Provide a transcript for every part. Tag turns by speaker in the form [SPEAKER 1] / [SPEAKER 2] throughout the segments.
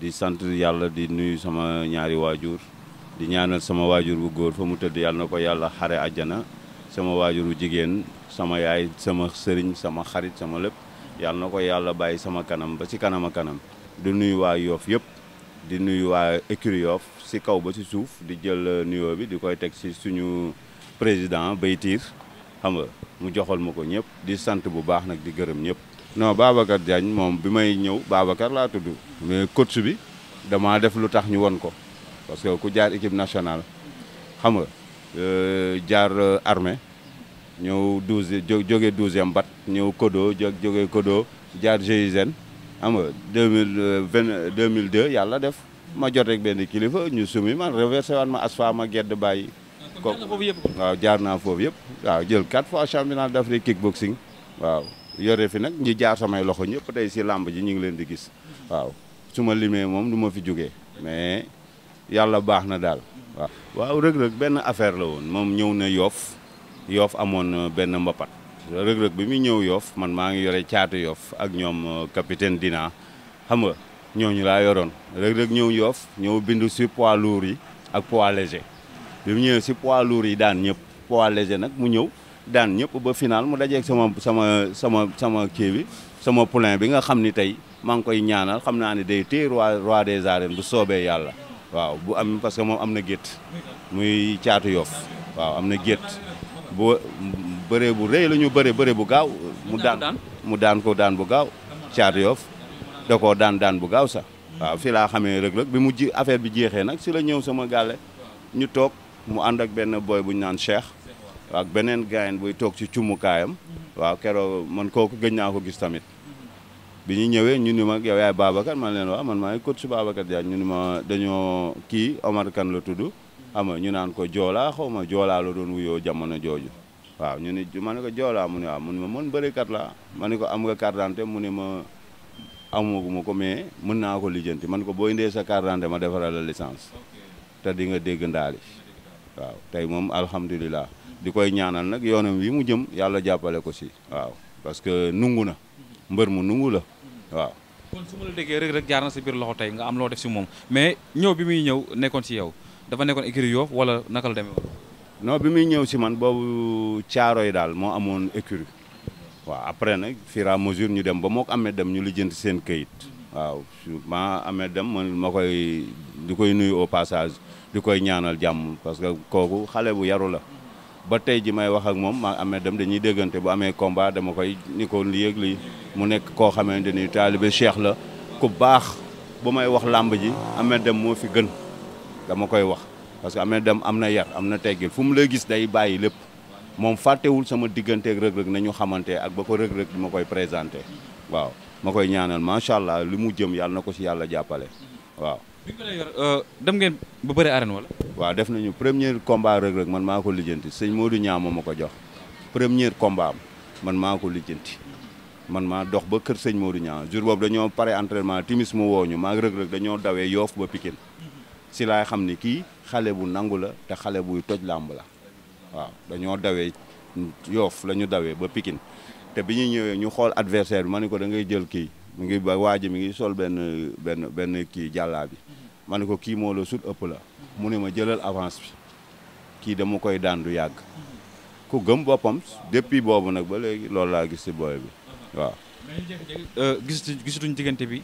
[SPEAKER 1] di sant yàlla di nuyu sama ñaari waajur di ñaanal sama waajur bu góor fa mu tëdd yàlla na ko yàlla xare àjjana sama waajur bu jigéen sama yaay sama sëriñ sama xarit sama lépp yàlla na ko yàlla bàyyi sama kanam ba ci kanam a kanam di nuyu waa yoof yëpp di nuyu waa écurie yoof si kaw ba si suuf di jël nuyoo bi di koy teg si suñu président Baytiir xam nga mu joxal ma ko ñëpp di sant bu baax nag di gërëm ñëpp non Babacar Diagne moom bi may ñëw Babacar laa tudd mais coach subi damaa def lu tax ñu won ko parce que ku jaar équipe nationale xam nga euh, jaar euh, armée ñëw douze jóge douzième bat ñëw Kodo jóge Kodo jaar GIGN xam nga deux mille euh, vingt deux mille deux yàlla def ma jot rek benn kilifa ñu sumi ma reversé waan ma asfa ma gedd bàyyi ko waaw jaar naa foofu yëpp waaw jël quatre fois championnat d'Afrique kickboxing waaw yore fi nag ñi jaar samay loxo ñëpp tey si làmb ji ñu ngi leen di gis waaw su ma limee moom du ma fi jógee mais yàlla baax na daal waaw. waaw rëg-rëg benn affaire la woon moom ñëw na yoof yoof amoon benn mbapat rëg-rëg bi muy ñëw yoof man maa ngi yore caatu yoof ak ñoom euh, capitaine Dina xam nga ñooñu laa yoroon rëg-rëg ñëw yoof ñëw bindu si poids lourd yi ak poids léger bi mu ñëwee si poids lourd yi daan ñëpp poids nag mu ñëw. daan ñëpp ba final mu dajeeg sama sama sama sama kii bi sama poulain bi nga xam ni tey maa ngi koy ñaanal xam naa ne day téye roi roi des arènes bu soobee yàlla waaw bu am parce que moom am na gétt muy caatu yof waaw am na gétt bu bëree bu rëy la ñu bëree bëree bu gaaw mu daan mu daan ko daan bu gaaw caatu yof te ko daan daan bu gaaw sax waaw fii laa xamee rëg-rëg bi mu ji affaire bi jeexee nag si la ñëw sama gaale ñu toog mu ànd ak benn boy bu naan Cheikh waaw beneen gaayen buy toog ci cumukaayam mm-hmm. waaw keroog man kooku gëj naa ko gis tamit mm-hmm. bi ñu ñëwee ñun ni mag yow yaay Babacar man leen waaw man maay coach Babacar Diagne ñu ni ma dañoo kii Omar Kane la tudd xam mm-hmm. ñu naan ko joolaa xaw ma joolaa doon wuyoo jamono jooju waaw ñu ni man ne ko joolaa mu ne waaw mu ne ma man bërikat la ma ne ko am nga carte d'identité mu ne ma amaguma ko mais mën naa ko lijjanti man ko boo indee sa carte d'identité ma defaral la licence te di nga dégg waaw tey moom alhamdulilah di koy ñaanal nag yoonam wi mu jëm yàlla jàppale ko si waaw parce que nungu na mbër mu nungu la waaw.
[SPEAKER 2] kon su déggee rek rek jaar na biir loxo tey nga am loo def si moom mais ñëw bi muy ñëw nekkoon si yow dafa nekkoon écurie Yoff wala naka la demee
[SPEAKER 1] woon. bi muy ñëw si man boobu caaro yi daal moo amoon écurie waaw après nag fur à mesure ñu dem ba moo ko amee dem ñu lijjanti seen kayit waaw ma amee dem ma koy di koy nuyu au passage di koy ñaanal jàmm parce que kooku xale bu yaru la. ba tey ji may wax ak moom maa amee dem dañuy déggante boo amee combat dama koy ni ko lii ak mu nekk koo xamante ni taalibe cheikh la ku baax bu may wax làmb ji amee dem moo fi gën dama koy wax parce que amee dem am na yar am na teggil fu mu lay gis day bàyyi lépp moom fàttewul sama digganteeg rëg-rëg nañu xamante ak ba ko rëg-rëg bi ma koy présenté waaw ma koy ñaanal macha allah li mu jëm yàlla na ko si yàlla jàppale waaw bi euh, dem ngeen ba pare arène wala. waaw def nañu premier combat Reug Reug man maa ko lijjanti sëñ Modou Niang moo ma ko jox premier combat man maa ko lijjanti man maa dox ba kër sëñ Modou Niang jour boobu dañoo pare entraînement timis mu woo ñu maa Reug Reug dañoo dawee yoof ba Pikine si laay xam ni kii xale bu nangu la te xale buy toj làmb la waaw dañoo dawee yoof lañu dawee ba pikin te bi ñu ñëwee ñu xool adversaire bi ma ne ko da ngay jël kii. mi ngi ba waa ji mi ngi sol benn benn benn kii jàllaa bi mhm. ma ne ko kii moolo la sut ëpp la mu ne ma jëlal avance bi kii dama koy daan du yàgg mhm. ku gëm boppam depuis boobu nag ba léegi loolu laa gis si booy bi mhm. waaw.
[SPEAKER 2] Euh, gisatuñ gisatuñ diggante bi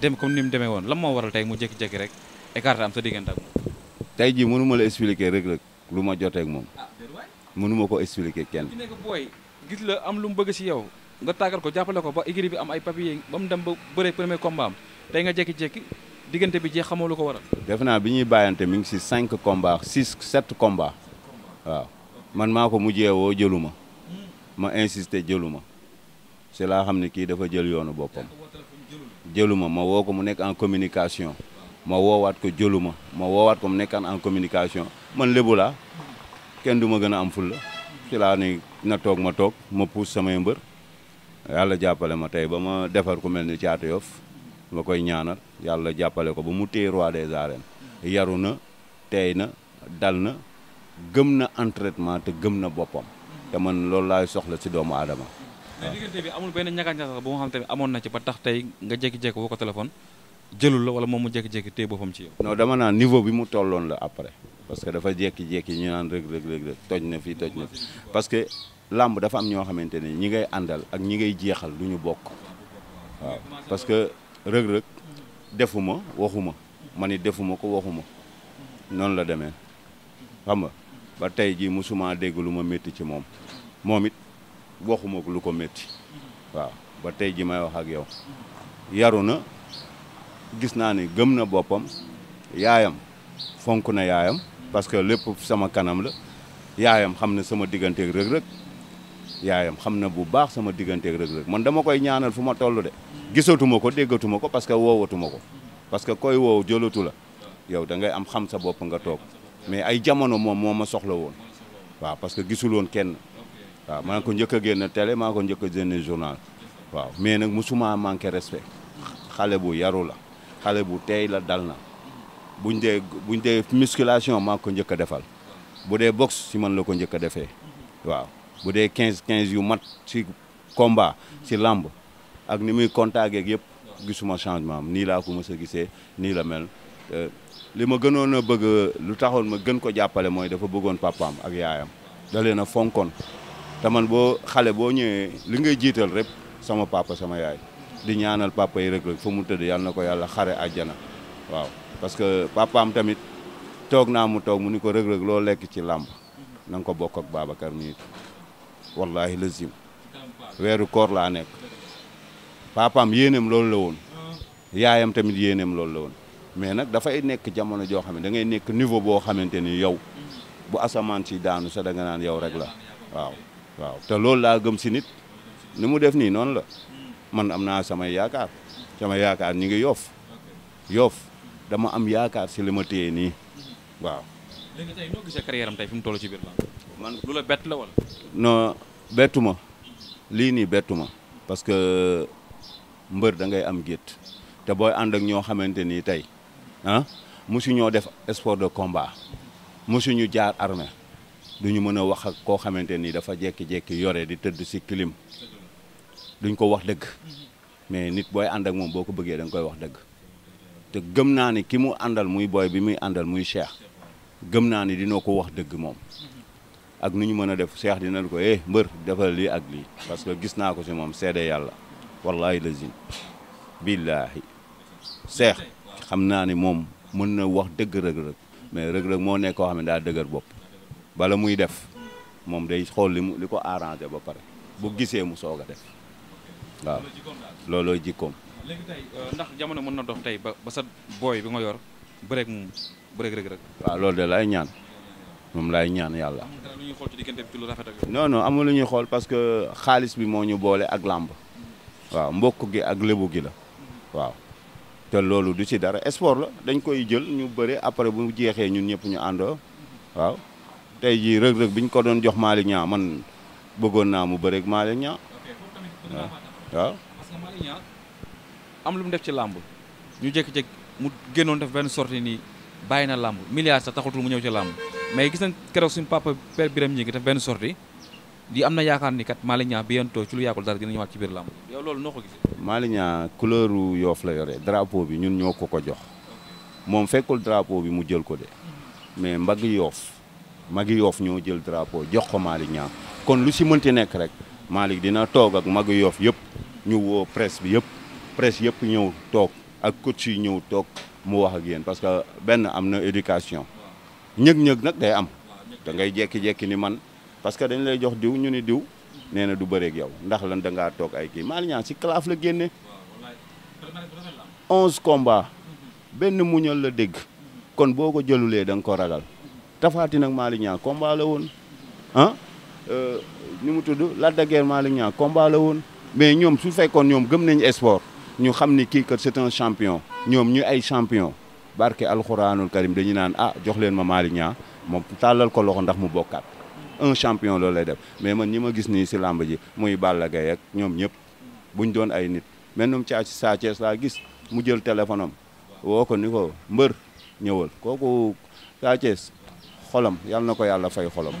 [SPEAKER 2] dem comme ni mu demee woon lan moo waral te mu jékki-jékki rek écarté am sa digganta te moom.
[SPEAKER 1] tey jii mënu la expliquer rek rek lu ma jotee ak moom. Ah, mënu ko expliquer kenn.
[SPEAKER 2] gis la am lu mu bëgg si yow. nga tàggat ko jàppale ko ba écurie bi am ay papier ba mu dem ba bëre premier combat am tey nga jékki-jékki diggante bi jeex xamoo lu ko waral.
[SPEAKER 1] def naa bi ñuy bàyyante mi ngi si 5 kombaa 6 7 combats waaw man maa ko mujjee woo jëluma ma insisté jëluma si laa xam ne kii dafa jël yoonu boppam jëluma ma woo ko mu nekk en communication ma woowaat ko jëluma ma woowaat ko mu nekkaan en communication man lébu kenn du ma gën a am fulla ci laa ni natoog toog ma toog ma puus samay mbër yàlla jàppale ma tey ba ma defar ku mel ni Thiatou Yoff ma koy ñaanal yàlla jàppale ko ba mu téye roi des arènes yaru na teey na dal na gëm na entraînement te gëm na boppam te man loolu laay soxla si doomu aadama. mais
[SPEAKER 2] diggante ñàkk sax bu xam tamit amoon na ci ba tax tey nga jékki-jékki woo ko téléphone jëlul la wala moom mu jékki-jékki téye boppam ci yow.
[SPEAKER 1] non dama naan niveau bi mu tolloon la après parce que dafa jékki-jékki ñu naan rëg rëg rëg toj na fii toj na fi parce que. làmb dafa am ñoo xamante ne ñi ngay àndal ak ñi ngay jeexal du ñu bokk waaw parce que rëg-rëg defuma waxuma ma ni defuma ko waxuma noonu la demee xam nga ba tey jii musuma dégg lu ma métti ci moom moom it waxuma lu ko métti waaw ba tey ji may wax ak yow yaru na gis naa ni gëm na boppam yaayam fonk na yaayam parce que lépp sama kanam la yaayam xam ne sama digganteeg rëg-rëg yaayam xam na bu baax sama digganteeg rëg rek man dama koy ñaanal fu ma tollu de gisatuma ko déggatuma ko parce que woowatuma ko parce que koy woow jëlatu la yow dangay am xam sa bopp nga toog mais ay jamono moom moo ma soxla woon waaw parce que gisul woon kenn waaw maa ko njëkk a génn télé maa ko njëkk génne génn journal waaw mais nag musuma manqué respect xale bu yaru la xale bu teey la dal na bu dee buñ dee musculation maa ko njëkk defal bu dee boxe si man la ko njëkk a defee waaw bu dee quinze quinze yu mat si combat si làmb ak ni muy contagé yépp gisuma changement am nii laa ko mës a gisee nii la mel euh, li ma gënoon a bëgg lu taxoon ma gën ko jàppale mooy dafa bëggoon papaam ak yaayam da na a fonkoon te man boo xale boo ñëwee li ngay jiital rek sama papa sama yaay di ñaanal papa yi rek rek fa mu tëdd yàlla na ko yàlla xare àjjana waaw parce que papaam tamit toog naa mu toog mu ni ko rëg-rëg loo lekk ci làmb nan ko bokk ak Babacar mi wallaahi lazim weeru koor laa nekk papaam yéeneem loolu la woon yaayam tamit yéeneem loolu la woon mais nag dafay nekk jamono joo xam ne da ngay nekk niveau boo xamante ni yow bu asamaan si daanu sa da nga naan yow rek la waaw te loolu laa gëm si nit ni mu def nii noonu la man am naa samay yaakaar sama yaakaar ñi ngi yoof yoof dama am yaakaar si li nii waaw.
[SPEAKER 2] léegi tey tey fi mu toll ci biir man lu la bett la
[SPEAKER 1] wala. ma lii nii bettu ma parce que mbër da ngay am gét te booy ànd ak ñoo xamante ni tey ah mosu ñoo def sport de combat mosu ñu jaar armée du ñu mën a wax ak koo xamante ni dafa jékki-jékki yore di tëdd si clim duñ ko wax dëgg mais nit booy ànd ak moom boo ko bëggee da koy wax dëgg te gëm naa ni ki mu àndal muy booy bi muy àndal muy Cheikh gëm naa ni dina ko wax dëgg moom. ak nu ñu mën a def Cheikh dinañ ko eh, mbër defal lii ak lii parce que gis naa ko si moom seede yàlla wallaahi lazim billaahi Cheikh xam naa ni moom mën na wax dëgg rëg-rëg mais rëg-rëg moo nekk koo xam ne daa dëgër bopp bala muy def moom day xool li mu li ko arrangé ba pare bu gisee mu soog a def waaw loolooy jikkoom
[SPEAKER 2] léegi euh, ndax jamono mën na dox tey ba ba sa booy bi yor bëreeg mu bëreeg rëg-rëg
[SPEAKER 1] waaw loolu de lay ñaan moom laay ñaan yàlla. non non amul lu ñuy xool parce que xaalis bi moo ñu boole ak làmb waaw mbokk gi ak lébu gi la waaw te loolu du ci dara sport la dañ koy jël ñu bëre après bu jeexee ñun ñëpp ñu àndoo waaw tey jii rëg-rëg bi ñu ko doon jox Malick ñaa man bëggoon naa mu bëreeg Malick Niang waaw waaw
[SPEAKER 2] am lu mu def ci làmb ñu jékki-jékki mu génnoon def benn sortie nii bàyyi na làmb milliards sax taxatul mu ñëw ci làmb mais gis nañ keroog suñu papa père Birame ñi ngi def benn sortie di am na yaakaar ni kat Malick Niang bientôt ci lu yàggul dara dina ñëwaat ci biir làmb yow loolu noo ko
[SPEAKER 1] gisee. Malick Niang couleur yoof la yore drapeau bi ñun ñoo ko ko jox moom fekkul drapeau bi mu jël ko de mais mbag yoof magi yoof ñoo jël drapeau jox ko Malick Niang kon lu si mënti nekk rek Malick dina toog ak mag yoof yëpp ñu woo presse bi yëpp presse yëpp ñëw toog ak coach yi ñëw toog mu wax ak yéen parce que benn am na éducation. ñëg-ñëg nag day am da ngay jekki-jekki ni man parce que dañ lay jox diw ñu ni diw nee na du bëreek yow ndax lan da ngaa toog ay kii Malick Niang si kalaaf la génne onze combats benn muñal la dégg kon boo ko jëlulee da nga ko ragal tafaati nag Malick Niang combat la woon ah euh, ni mu tudd la de Guiers Malick Niang la woon mais ñoom su fekkoon ñoom gëm nañu sport ñu xam ni kii kat c'est un champion ñoom ñu ay champion barke alxuraanul karim dañu naan ah jox leen ma Malick Niang moom tàllal ko ndax mu bokkaat un champion loolu lay def mais man ñi ma gis nii si làmb ji muy Balla Gaye ak ñoom ñëpp buñ doon ay nit mennum caa ci Sa Thiès gis mu jël téléphone am ko ni ko mbër ñëwal kooku Sa Thiès xolam na ko yàlla fay xolam